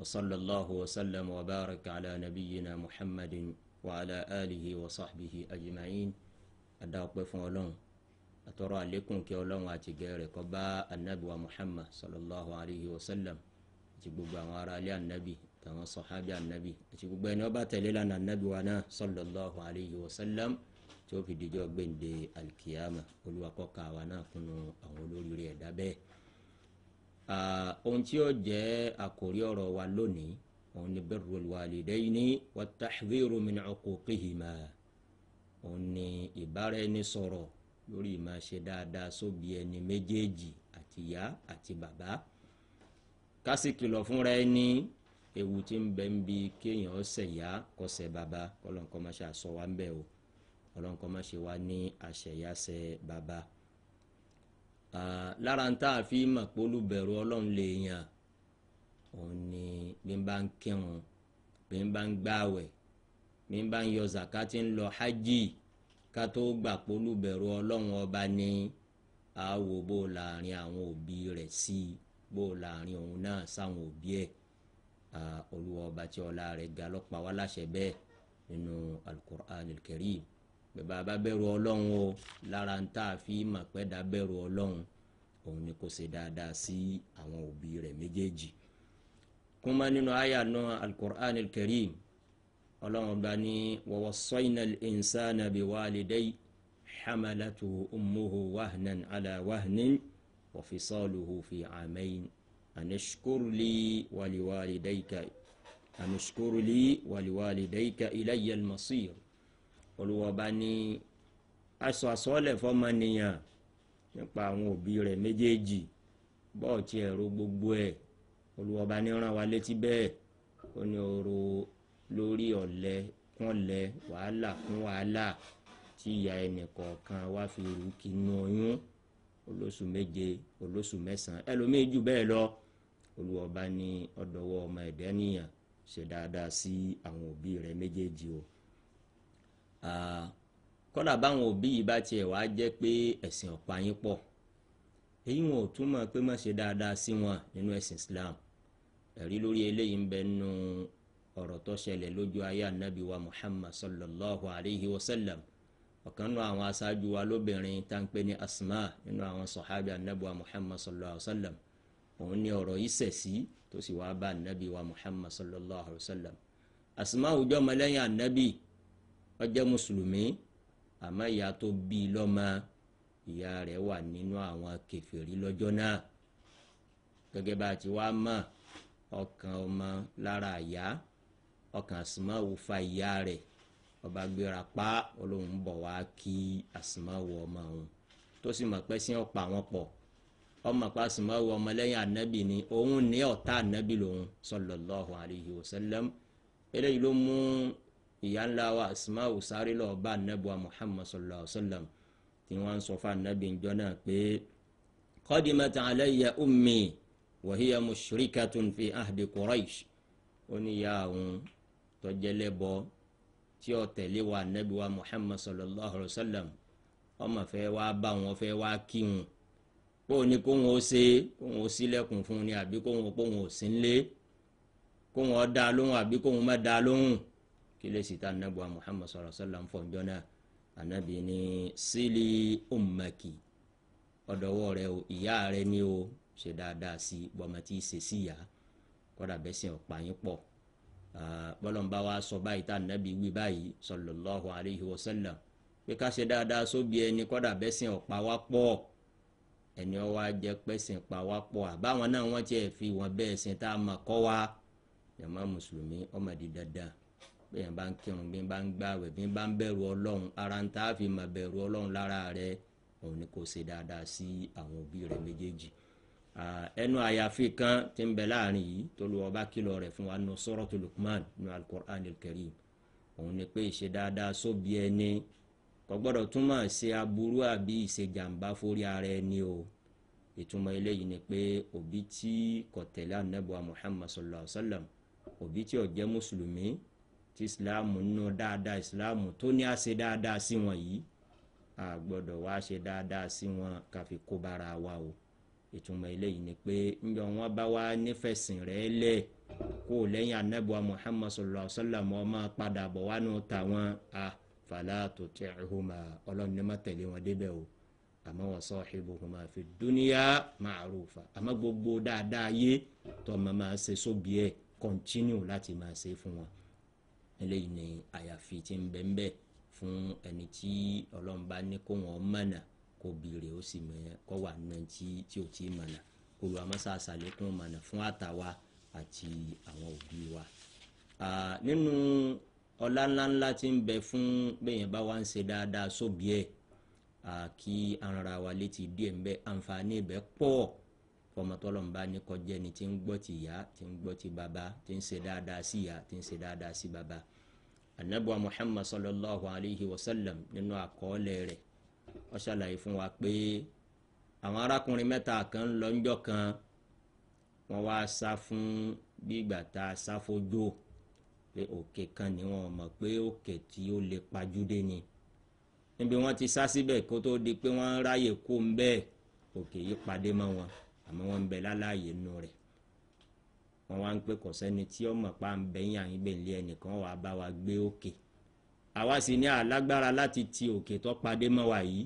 وصلى الله وسلم وبارك على نبينا محمد وعلى آله وصحبه أجمعين أدعوك فولون أترى عليكم كيولون واتجاري قباء النبي ومحمد صلى الله عليه وسلم أتبقى وعلى النبي tàwọn sọ̀hábí ànábì àti gbogbo ẹni ọba tẹ̀lé lánà ànábì wa náà sallallahu alayhi wa sallam tí ó fi dijọ́ gbẹ̀ǹde alkiyama olùwàkọ́kà wa náà kunu àwọn olóríire ẹ̀dá bẹ́ẹ̀ ohun tí yóò jẹ́ àkòrí ọ̀rọ̀ wa lónìí òun ni birrul walidayni wat tahdhiru min uquqihima òun ni ìbáraẹnisọ̀rọ̀ lórí ìmọ̀ ṣe dáadáa sóbi ẹni méjèèjì àti ìyá àti bàbá kásì kìlọ̀ fúnra ẹni ewu tí ń bẹ ń bi kéèyàn ọ̀sẹ̀ ìyá kọsẹ̀ bàbá kọlọ́nkọ́ máa ṣe àsọ wa ń bẹ̀ o kọlọ́nkọ́ máa ṣe wa ní àṣẹyàṣẹ bàbá lára ń tá a fi mọ̀ pé olùbẹ̀rù ọlọ́run lè yàn òun ni bí n bá ń kírun bí n bá ń gbààwẹ̀ bí n bá ń yọ zakati ń lọ hajj ká tó gbà pé olùbẹ̀rù ọlọ́run ọba ni a wò bó láàrin àwọn òbí rẹ̀ sí i bó láàrin òun náà sáwọn òbí ẹ̀ olúwa ọba tí ọlá rẹ̀ ga lọ́pàá wá láṣẹ bẹ́ẹ̀ nínú alukur'an alkarim bàbá bá bẹ̀rù ọlọ́run o lára ń tà fi mà pẹ́ dá bẹ̀rù ọlọ́run òun ni kò ṣe dáadáa sí àwọn òbí rẹ̀ méjèèjì kúmá nínú àyà náà alukur'an karim ọlọ́run bá ní wa wassayna al-insana biwalidayhi hamalatuhu ummuhu wahnan ala wahnin wa fisaluhu fi amayn anishkur li wa liwalidayka anishkur li wa liwalidayka olùwọ́ba ní aṣọ àsọ́ọ̀lẹ̀ fọmọnìyàn nípa àwọn òbí rẹ̀ méjèèjì bọ́ọ̀tì ẹ̀rọ gbogbo ẹ̀ olùwọ́ba ní ràn wá létí bẹ́ẹ̀ ó ní ọ̀rọ̀ lórí ọ̀lẹ kúnlẹ̀ wàhálà kún wàhálà tí ìyá ẹnì kọ̀ọ̀kan wá fi rú kinu oyún olóṣù méje olóṣù mẹ́sàn-án ẹlòmíín jù bẹ́ẹ̀ lọ olùwọ́ba ní ọ̀dọ̀wọ́ ọmọ ẹ̀dẹ́ nìyàn ṣe dáadáa sí àwọn òbí rẹ̀ méjèèjì o kódà báwọn òbí yìí bá tiẹ̀ wá jẹ́ pé ẹ̀sìn ọ̀pá yín pọ̀ èyí wọn ò túmọ̀ pé má ṣe dáadáa sí wọn nínú ẹ̀sìn Islam ẹ̀rí lórí eléyìí ń bẹ nínú ọ̀rọ̀ tó ṣẹlẹ̀ lójú ayé anabi wa Muhammad sallallahu alayhi wa sallam ọ̀kan nínú àwọn aṣáájú wa lóbìnrin tá ń pè ní Asma nínú àwọn sọ̀hábì anabi wa Muhammad sallallahu alayhi wa sallam òun ní ọ̀rọ̀ yìí sẹ̀sí tó sì wá bá anabi wa Muhammad sallallahu alayhi wa sallam Asma àwùjọ mọ́lẹ́yìn anabi ó jẹ́ mùsùlùmí àmọ́ ìyá tó bí i lọ́mọ ìyá rẹ̀ wà nínú àwọn kèfèrí lọ́jọ́ náà gẹ́gẹ́ bá a ti wá mọ̀ ọkàn ọmọ lára ìyá ọkàn àsìmáwò fa ìyá rẹ̀ ọba gbéra pa olóhùn bọ̀ wá kí àsìmáwò ọmọ òun tó sì mọ̀ pé sí ọ̀pọ̀ àwọn pọ̀ ọmọ pa àsìmáwò ọmọlẹ́yìn ànábì ni òun ní ọ̀tá ànábì lòun sallallahu alayhi wa sallam eléyìí ló mú ìyá ńlá wa asmau sáré lọ bá anabuwa muhammad sallallahu alaihi wa sallam tí wọ́n ń sọ fún anabi njọ́ náà pé qadimat alayya ummi wa hiya mushrikatun fi ahdi quraish ó ní ìyá òun tọ́jẹ́lẹ́bọ tí ó tẹ̀lé wa anabi wa muhammad sallallahu alaihi wa sallam ọmọ fẹ́ wá bá wọn fẹ́ wá kí wọn kó o ní kó wọn ó ṣe kó wọn ó ṣílẹ̀kùn fún ni àbí kó wọn ó pọ̀ wọn ò sí kó wọn ó dá lóhùn àbí kó wọn má dá lóhùn kílẹ̀sì tá anábọ̀ muhammad sallallahu alaihi wasallam fọ̀njọ́ náà anábì ní sílì ummaki ọ̀dọ̀wọ́ rẹ o ìyá rẹ ni o ṣe dáadáa sí bọ́mọ tí ì ṣe sí ìyá kọ́dà bẹ́ẹ̀ sìn ọ̀pá yín pọ̀ bọ́lọ̀mbá wa sọ báyìí tá anábì wí báyìí sallallahu alaihi wasallam pé ká ṣe dáadáa sóbi ẹni kọ́dà bẹ́ẹ̀ sìn ọ̀pá wa pọ̀ ẹni ọ wá jẹ pẹ́sìn pa wá pọ̀ àbáwọn náà wọ́n tiẹ̀ fi wọn bẹ́ẹ̀ sìn tá a mọ̀ kọ́ wa yàmá mùsùlùmí ọmọdé dáadáa bẹ́ẹ̀ bá ń kírun bí bá ń gbàwẹ̀ bí bá ń bẹ̀rù ọlọ́run ara ń tá a fi máa bẹ̀rù ọlọ́run lára rẹ òun ni kò ṣe dáadáa sí àwọn òbí rẹ méjèèjì ẹnu àyàfi kan tí ń bẹ láàrin yìí tó lu ọba kìlọ̀ rẹ̀ fún wa nù suratu Luqman nù al-Qur'an òun ni pé ìṣe dáadáa sóbi ẹni kò gbọ́dọ̀ túmọ̀ ṣe aburú àbí ìṣèjàmbá forí ara ẹni o ìtumọ̀ eléyìí ni pé òbí tí kò tẹ̀lé ànábì wa sallallahu alaihi wa sallam òbí tí ò jẹ́ mùsùlùmí tí ìsìláàmù nù dáadáa ìsìláàmù tó ní àṣe dáadáa sí wọn yìí a gbọ́dọ̀ wá ṣe dáadáa sí wọn káfi kó bára wa o ìtumọ̀ eléyìí ni pé ńjọ wọn bá wá nífẹ̀sìn rẹ̀ lẹ̀ kó lẹ́yìn anábìwá muhammad sallallahu alayhi wa sallam ọmọ padà bọ̀ wá nù tàwọn a fàlà tó tẹ̀ ẹ̀hùnmá ọlọ́run ní má tẹ̀lé wọn débẹ̀ o àmọ́ wọ́n sọ ìbùkún máa fi dúníyà màrúfà àmọ́ gbogbo dáadáa yé tọ́ ma máa ṣe sóbì ẹ̀ kọ́ntínú láti máa ṣe fún wọn eléyìí ni àyàfi ti ń bẹ ń bẹ fún ẹni tí ọlọ́run bá ní kó wọn mọ̀nà kó béèrè ó sì mọ̀ kó wà nà tí tí ò tí mọ̀nà olùwàmọ́sá àṣàlékún mọ̀nà fún àtàwa àti àwọn òbí wa. nínú ọlá ńláńlá ti ń bẹ fún bẹ́yẹn bá wá ń ṣe dáadáa sóbì kí ara wa létí díẹ̀ ń bẹ àǹfààní ibẹ̀ pọ̀ fọmọtọ́lọ̀ ń bá ní kọjá ẹni tí ń gbọ́ ti ìyá tí ń gbọ́ ti baba tí ń ṣe dáadáa sí ìyá tí ń ṣe dáadáa sí bàbá anabuwa muhammad sallallahu alayhi wa sallam nínú àkọọ́lẹ̀ rẹ̀ ó ṣàlàyé fún wa pé àwọn arákùnrin mẹ́ta kan ń lọ ńjọ́ kan wọ́n wá sá fún gbígbà tá a sá fojó pé òkè kan ni wọ́n mọ̀ pé òkè tí ó lè pajúdé ni níbi wọ́n ti sá síbẹ̀ kó tó di pé wọ́n ráyè kó ń bẹ́ẹ̀ òkè yìí pàdé mọ́ wọn àmọ́ wọ́n ń bẹ láláàyè nù rẹ̀ wọ́n wá ń pè kọ̀ sẹ́ni tí ó mọ̀ pa ń bẹ yín àyín gbèǹlé ẹnìkan wàá bá wa gbé òkè àwa sì ní alágbára láti ti òkè tó padé mọ́ wa yìí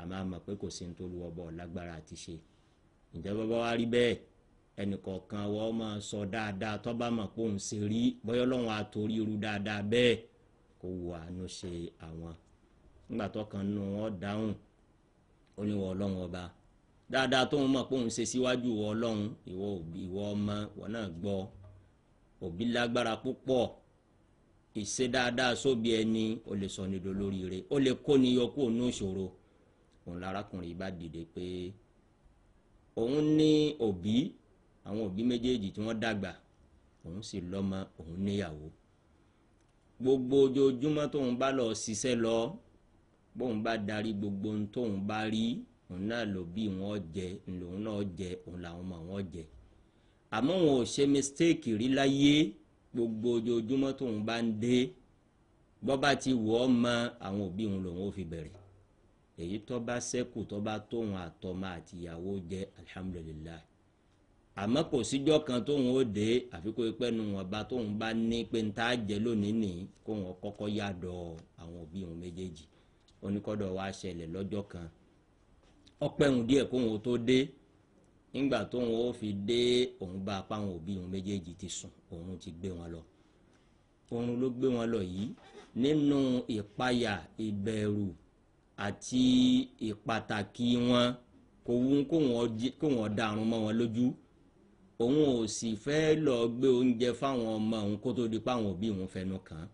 àmọ́ a mọ̀ pé kò sí ní tó lu ọbọ̀ lágbára àti ṣe ìjọba bá wá rí bẹ́ẹ̀ ẹnìkọ̀ọ̀kan wọ́n máa sọ dáadáa tó bá mọ̀ pé òun ṣe rí bọ́yọ́ lọ́wọ́n àtòrí irú dáadáa bẹ́ẹ̀ kò wù àánú ṣe àwọn nígbà tó kan nù wọ́n dáhùn ó ní wọ́n ọlọ́run ọba dáadáa tó ń mọ̀ pé òun ṣe síwájú ìwọ ọlọ́run ìwọ òbí ìwọ ọmọ ìwọ náà gbọ́ òbí lágbára púpọ̀ ìṣe dáadáa sóbi ẹni o lè sọ nídò lóríire o lè kó ni yọkú òun ìṣòro òun lárakùnrin bá dìde pé òun ní òbí àwọn òbí méjèèjì tí wọ́n dàgbà òun sì lọ́mọ òun níyàwó gbogbo ojoojúmọ́ tóun bá lọ ṣiṣẹ́ lọ bóun bá darí gbogbo ohun tóun bá rí òun náà ló bí wọn jẹ lòun náà jẹ òun làwọn ọmọ wọn jẹ àmọ́ wọn ò ṣe mistake rí láyé gbogbo ojoojúmọ́ tóun bá ń dé bọ́ba ti wọ̀ ọ́ mọ àwọn òbí òun lòun ó fi bẹ̀rẹ̀ èyí tó bá ṣẹ́kù tó bá tóun àtọmọ àtìyàwó jẹ alihamudulilayi àmọ́ kò síjọ́ kan tóun ó dé àfikún ìpẹ́nu ọba tóun bá ní pé ń tá a jẹ lónìí nì kóun kọ́kọ́ yàdọ̀ àwọn òbí òun méjèèjì oníkọ́dọ̀ wa ṣẹlẹ̀ lọ́jọ́ kan ọpẹ́hùn díẹ̀ kóhun tó dé nígbà tóhun ó fi dé òun bá apá àwọn òbí òun méjèèjì ti sùn òun ti gbé wọn lọ òun ló gbé wọn lọ yìí nínú ìpayà ìbẹ̀rù àti ìpàtàkì wọn kò wù kóhun ọ̀daràn mọ́ wọn lójú òun ò sì fẹ́ lọ gbé oúnjẹ fáwọn ọmọ òun kó tó di pa àwọn òbí òun fẹnu kàn án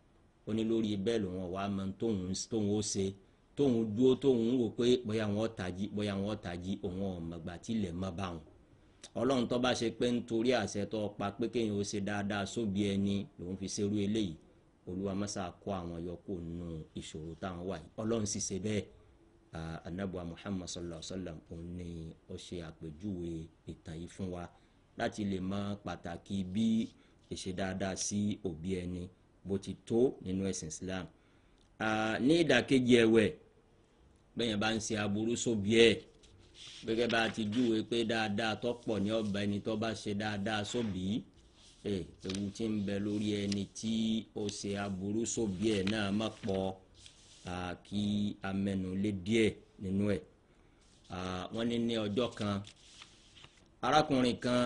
ó ní lórí bẹ́ẹ̀ lòun ọ̀wá mọ tóun ó ṣe tóun dúró tóun wò pé bóyá wọn tají bóyá wọn tají òun ọ̀mọ̀gbà tilẹ̀ mọ́ bá wọn ọlọ́run tó bá ṣe pé nítorí àṣẹ tó pa pé kéèyàn ó ṣe dáadáa sóbi ẹni lòun fi ṣerú eléyìí olúwa kó àwọn yọkó nù ìṣòro táwọn wà yìí ọlọ́run sì ṣe bẹ́ẹ̀ anabuwa muhammad sallallahu alaihi wa sallam òun ni ó ṣe àpèjúwe ìtàn yìí fún wa láti lè mọ pàtàkì bí ìṣe dáadáa sí òbí ẹni bó ti tó nínú ẹ̀sìn islam ní ìdàkejì ẹ̀wẹ̀ bẹ́yẹn bá ń ṣe aburú sóbi ẹ̀ gẹ́gẹ́ bá a ti júwe pé dáadáa tó pọ̀ ní ọba ẹni tó bá ṣe dáadáa sóbi ẹ̀ ewu tí ń bẹ lórí ẹni tí ó ṣe aburú sóbi ẹ̀ náà má pọ̀ kí amẹnu lé díẹ̀ nínú ẹ̀ wọ́n ní ní ọjọ́ kan arákùnrin kan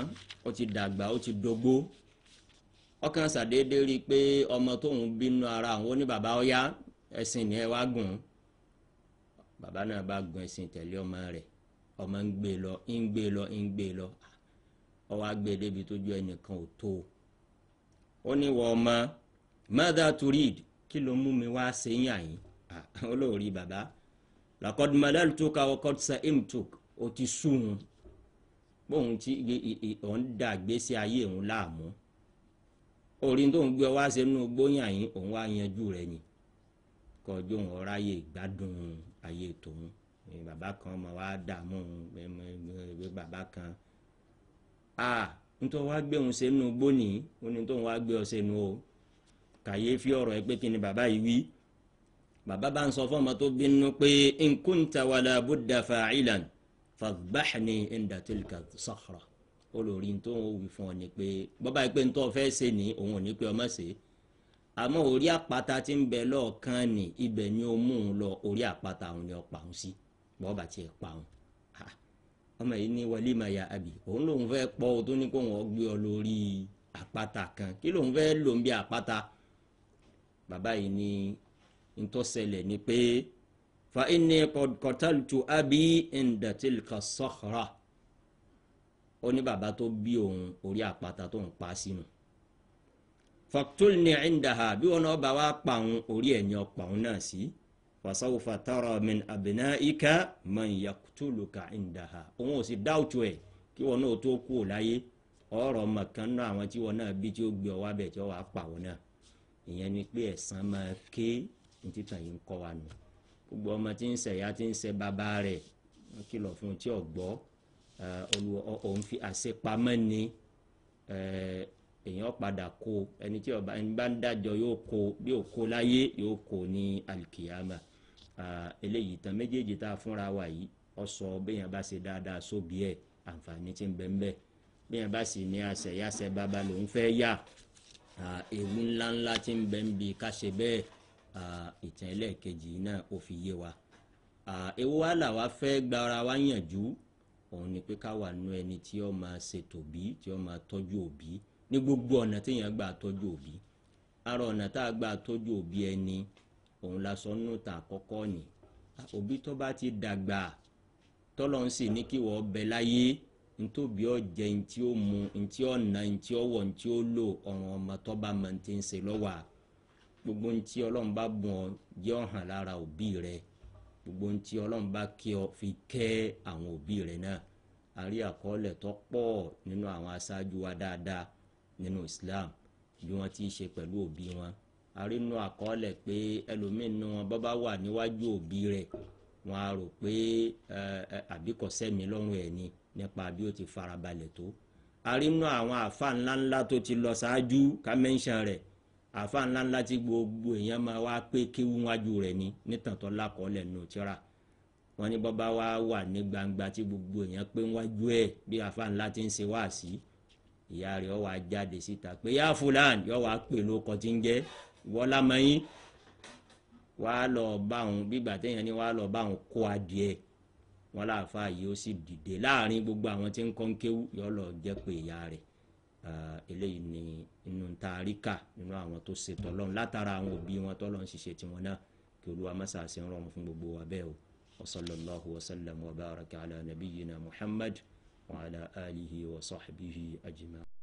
ó ti dàgbà ó ti dógbó ọkàn ṣàdédé rí i pé ọmọ tóun bínú ara àwọn oní bàbá ọyá ẹ̀sìn ni ẹ wá gùn ún Baba náà bá gun ẹṣin tẹ̀lé ọmọ rẹ̀ ọmọ ń gbé lọ ń gbé lọ ń gbé lọ ó wá gbé débi tójú ẹnìkan ò tó o ó ní wọ ọmọ mother to read kí ló mú mi wá ṣe ń yàn yín olóòrí bàbá laqad malaltuka wa qad sa'imtuk ó ti súnun bóun ti òun dà gbèsè ayé òun láàmú orí tó ń gbé wá ṣe nínú gbóyàn yín òun wá yanjú rẹ̀ ni kọjú òun ọ̀ráyè gbádùn ayé tòun bàbá kan máa wá dààmú bàbá kan a nítorí wàá gbé òun sínú gbóni ó ní tóun wàá gbé ọ sínú o kàyéfì ọ̀rọ̀ ẹ pé kí ni bàbá yìí wí bàbá bá ń sọ fún ọmọ tó bínú pé in kunta wala budda fa'ilan fadhbahni inda tilka sakhra olórí tó ń wí fún ọ ni pé bàbá yìí pé ń fẹ́ ṣe òun ò ní pé ọmọ ṣe àmọ́ orí àpáta tí ń bẹ lọ́ọ̀kan nì ibẹ̀ ni ó mú un lọ orí àpáta òun ni ó òun sí bọ́ọ̀ bá tiẹ̀ pa òun ọmọ yìí ní wọlé mà ya àbí òun lòun fẹ́ pọ́ ọ tó ní kó wọn gbé ọ lórí àpáta kan kí lòun fẹ́ lò bí àpáta bàbá yìí ní ntọ́sẹ̀lẹ̀ ni pé fa inni kọ̀tàlùtù àbí ìndàtìlkà sọ̀hra ó ní bàbá tó bí òun orí àpáta tó ń pa sínú. Si faqtulni indaha bí wọn bá wá pàun orí ẹ̀yàn pàun náà sí fasawfa tara min abna'ika man yaqtuluka indaha òun ò sì dáwùtò ẹ̀ kí wọn náà tó kú ò láyé ọ̀rọ̀ mọ̀kán náà àwọn tí wọn náà bí tí ó gbé ọ wá tí wọn wá pàun náà ìyẹn ni pé ẹ̀san máa ké ní títàn yìí ń kọ́ wa nù gbogbo ọmọ tí ń ṣe ìyá tí ń ṣe bàbá rẹ̀ wọ́n kìlọ̀ fún un tí ò gbọ́ òun fi àṣepamọ́ ni èèyàn padà kó ẹni tí ọba ẹni bá ń dájọ yóò kó bí ò láyé yóò kó ní alikiyama eléyìí tán méjèèjì tá a fúnra wa yìí ọ sọ béèyàn bá ṣe dáadáa sóbì ẹ àǹfààní tí ń bẹ ń bẹ béèyàn bá sì ní àṣẹyàṣẹ bàbá lòún fẹ́ yà ewu ńláńlá tí ń bẹ ń ká ṣe bẹ́ẹ̀ ìtàn ẹlẹ́ẹ̀kejì náà ó fi yé wa ewu wa là wá fẹ́ gbára wa yànjú òun ni pé ká wà nú ẹni tí ó máa ṣètò bí tí ó máa tọ́jú òbí ní gbogbo ọ̀nà téèyàn gbà tọ́jú òbí ara ọ̀nà tá a gbà tọ́jú òbí ẹni òun la sọ nínú ta àkọ́kọ́ ni òbí tó bá ti dàgbà tọ́lọ́ ń sì ní kí wọ́n bẹ láyé ntòbí ọ̀jẹ̀ ntí ó mu ntí ó nà ntí ó wọ̀ ntí ó lò ọ̀ràn ọmọ tó bá mọ̀ ntí ń ṣe lọ́wọ́ gbogbo ntí ọlọ́run bá bùn ọ jẹ́ ọ̀hàn lára òbí rẹ gbogbo ntí ọlọ́run bá kí ọ fi kẹ́ àwọn òbí rẹ náà àrí àkọọ́lẹ̀ tó pọ̀ nínú àwọn aṣáájú wa dáadáa nínú Islam bí wọ́n ti ṣe pẹ̀lú òbí wọn arínú àkọọ́lẹ̀ pé ẹlòmíín nu wọn bọ́bá wà níwájú òbí rẹ̀ wọ́n á rò pé àbíkọ̀sẹ́mi lọ́rùn ẹ̀ ni nípa bí ó ti farabalẹ̀ tó arínú àwọn àfa ńláńlá tó ti lọ ṣáájú ká mẹ́ńṣán rẹ̀ àfa ńláńlá tí gbogbo èèyàn máa wá pé kéwú wájú rẹ̀ ni nítàn tó lákọọ́lẹ̀ nù tíra wọ́n ní bọ́bá wà ní gbangba tí gbogbo èèyàn pé wájú ẹ̀ bí àfa ńlá ti ń ṣe wáàsí ìyá rẹ̀ ọ wá jáde síta pé yá fúlàn yọ wá pè lóko tí ń jẹ́ wọ́lá mọ́yìn wá lọ bá òun bígbà téèyàn ni wá lọ bá òun kó adìẹ wọn láàfa yìí ó sì dìde láàrin gbogbo àwọn tí ń kọ́ ń kéwú yọ lọ jẹ́ pé ìyá rẹ̀ eléyìí ni inú ta àríkà nínú àwọn tó ṣe tọ́lọ́run látara àwọn òbí wọn tọ́lọ́run ṣiṣẹ́ tiwọn náà kí olúwa mọ́sàásì ń rọrùn fún gbogbo wa bẹ́ẹ̀ o wa sallallahu wa sallam wa baraka ala nabiyyina muhammad. وعلى آله وصحبه أجمعين